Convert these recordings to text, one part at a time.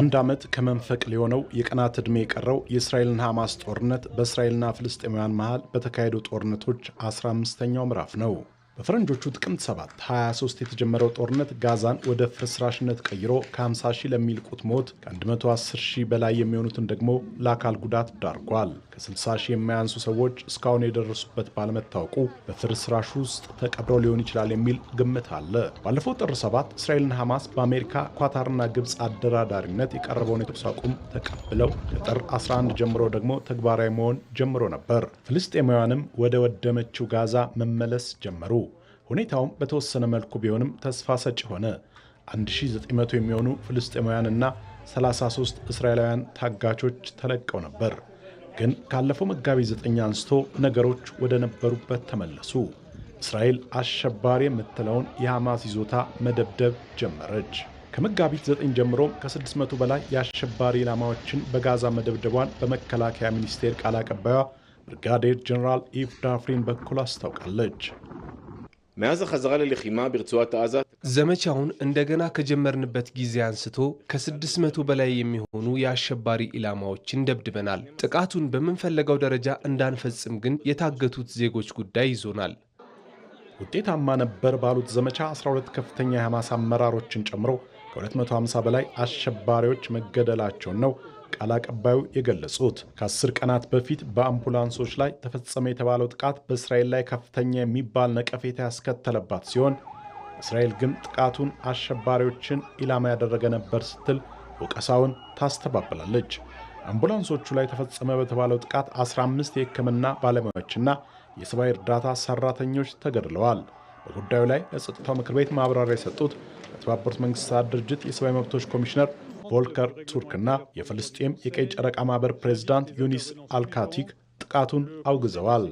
አንድ ዓመት ከመንፈቅ ሊሆነው የቀናት ዕድሜ የቀረው የእስራኤልና ሐማስ ጦርነት በእስራኤልና ፍልስጤማውያን መሃል በተካሄዱ ጦርነቶች 15ኛው ምዕራፍ ነው። በፈረንጆቹ ጥቅምት 7 23 የተጀመረው ጦርነት ጋዛን ወደ ፍርስራሽነት ቀይሮ ከ50 ሺህ ለሚልቁት ሞት ከ110 ሺህ በላይ የሚሆኑትን ደግሞ ለአካል ጉዳት ዳርጓል። ከ60 ሺህ የማያንሱ ሰዎች እስካሁን የደረሱበት ባለመታወቁ በፍርስራሽ ውስጥ ተቀብረው ሊሆን ይችላል የሚል ግምት አለ። ባለፈው ጥር 7 እስራኤልና ሐማስ በአሜሪካ ኳታርና ግብፅ አደራዳሪነት የቀረበውን የተኩስ አቁም ተቀብለው ከጥር 11 ጀምሮ ደግሞ ተግባራዊ መሆን ጀምሮ ነበር። ፍልስጤማውያንም ወደ ወደመችው ጋዛ መመለስ ጀመሩ። ሁኔታውም በተወሰነ መልኩ ቢሆንም ተስፋ ሰጪ ሆነ። 1900 የሚሆኑ ፍልስጤማውያንና 33 እስራኤላውያን ታጋቾች ተለቀው ነበር። ግን ካለፈው መጋቢት 9 አንስቶ ነገሮች ወደ ነበሩበት ተመለሱ። እስራኤል አሸባሪ የምትለውን የሐማስ ይዞታ መደብደብ ጀመረች። ከመጋቢት 9 ጀምሮ ከ600 በላይ የአሸባሪ ኢላማዎችን በጋዛ መደብደቧን በመከላከያ ሚኒስቴር ቃል አቀባዩ ብርጋዴር ጀኔራል ኢፍ ዳፍሪን በኩል አስታውቃለች። መያዝ ኸዘራ ለልኺማ ብርצוዓት አዛ ዘመቻውን እንደገና ከጀመርንበት ጊዜ አንስቶ ከ600 በላይ የሚሆኑ የአሸባሪ ኢላማዎችን ደብድበናል። ጥቃቱን በምንፈለገው ደረጃ እንዳንፈጽም ግን የታገቱት ዜጎች ጉዳይ ይዞናል። ውጤታማ ነበር ባሉት ዘመቻ 12 ከፍተኛ የሐማስ አመራሮችን ጨምሮ ከ250 በላይ አሸባሪዎች መገደላቸውን ነው ቃል አቀባዩ የገለጹት። ከአስር ቀናት በፊት በአምቡላንሶች ላይ ተፈጸመ የተባለው ጥቃት በእስራኤል ላይ ከፍተኛ የሚባል ነቀፌታ ያስከተለባት ሲሆን እስራኤል ግን ጥቃቱን አሸባሪዎችን ኢላማ ያደረገ ነበር ስትል ወቀሳውን ታስተባብላለች። አምቡላንሶቹ ላይ ተፈጸመ በተባለው ጥቃት 15 የሕክምና ባለሙያዎችና የሰብአዊ እርዳታ ሰራተኞች ተገድለዋል። በጉዳዩ ላይ ለጸጥታው ምክር ቤት ማብራሪያ የሰጡት የተባበሩት መንግስታት ድርጅት የሰብአዊ መብቶች ኮሚሽነር ቮልከር ቱርክና የፍልስጤም የቀይ ጨረቃ ማህበር ፕሬዝዳንት ዩኒስ አልካቲክ ጥቃቱን አውግዘዋል።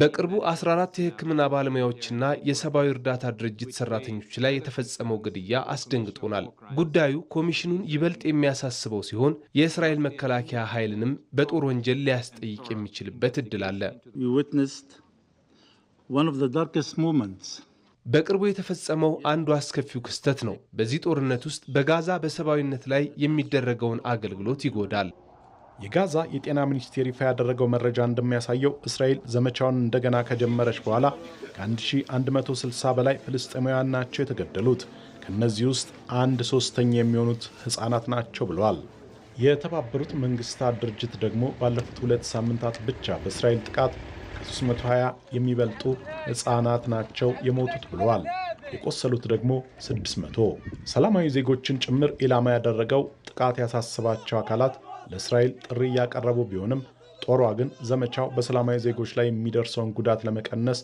በቅርቡ 14 የሕክምና ባለሙያዎችና የሰብአዊ እርዳታ ድርጅት ሰራተኞች ላይ የተፈጸመው ግድያ አስደንግጦናል። ጉዳዩ ኮሚሽኑን ይበልጥ የሚያሳስበው ሲሆን የእስራኤል መከላከያ ኃይልንም በጦር ወንጀል ሊያስጠይቅ የሚችልበት እድል አለ። በቅርቡ የተፈጸመው አንዱ አስከፊው ክስተት ነው። በዚህ ጦርነት ውስጥ በጋዛ በሰብአዊነት ላይ የሚደረገውን አገልግሎት ይጎዳል። የጋዛ የጤና ሚኒስቴር ይፋ ያደረገው መረጃ እንደሚያሳየው እስራኤል ዘመቻውን እንደገና ከጀመረች በኋላ ከ1160 በላይ ፍልስጤማውያን ናቸው የተገደሉት። ከእነዚህ ውስጥ አንድ ሶስተኛ የሚሆኑት ሕፃናት ናቸው ብለዋል። የተባበሩት መንግስታት ድርጅት ደግሞ ባለፉት ሁለት ሳምንታት ብቻ በእስራኤል ጥቃት ከ320 የሚበልጡ ሕፃናት ናቸው የሞቱት ብለዋል። የቆሰሉት ደግሞ 600። ሰላማዊ ዜጎችን ጭምር ኢላማ ያደረገው ጥቃት ያሳስባቸው አካላት ለእስራኤል ጥሪ እያቀረቡ ቢሆንም ጦሯ ግን ዘመቻው በሰላማዊ ዜጎች ላይ የሚደርሰውን ጉዳት ለመቀነስ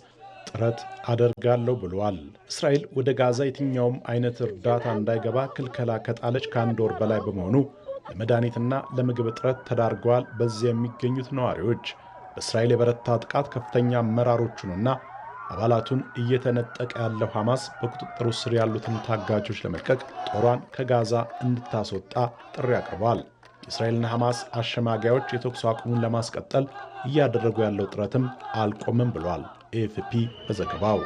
ጥረት አደርጋለሁ ብለዋል። እስራኤል ወደ ጋዛ የትኛውም አይነት እርዳታ እንዳይገባ ክልከላ ከጣለች ከአንድ ወር በላይ በመሆኑ ለመድኃኒትና ለምግብ እጥረት ተዳርገዋል በዚያ የሚገኙት ነዋሪዎች በእስራኤል የበረታ ጥቃት ከፍተኛ አመራሮቹንና አባላቱን እየተነጠቀ ያለው ሐማስ በቁጥጥሩ ስር ያሉትን ታጋቾች ለመልቀቅ ጦሯን ከጋዛ እንድታስወጣ ጥሪ አቅርበዋል። የእስራኤልና ሐማስ አሸማጊያዎች የተኩስ አቁሙን ለማስቀጠል እያደረጉ ያለው ጥረትም አልቆምም ብሏል ኤፍፒ በዘገባው።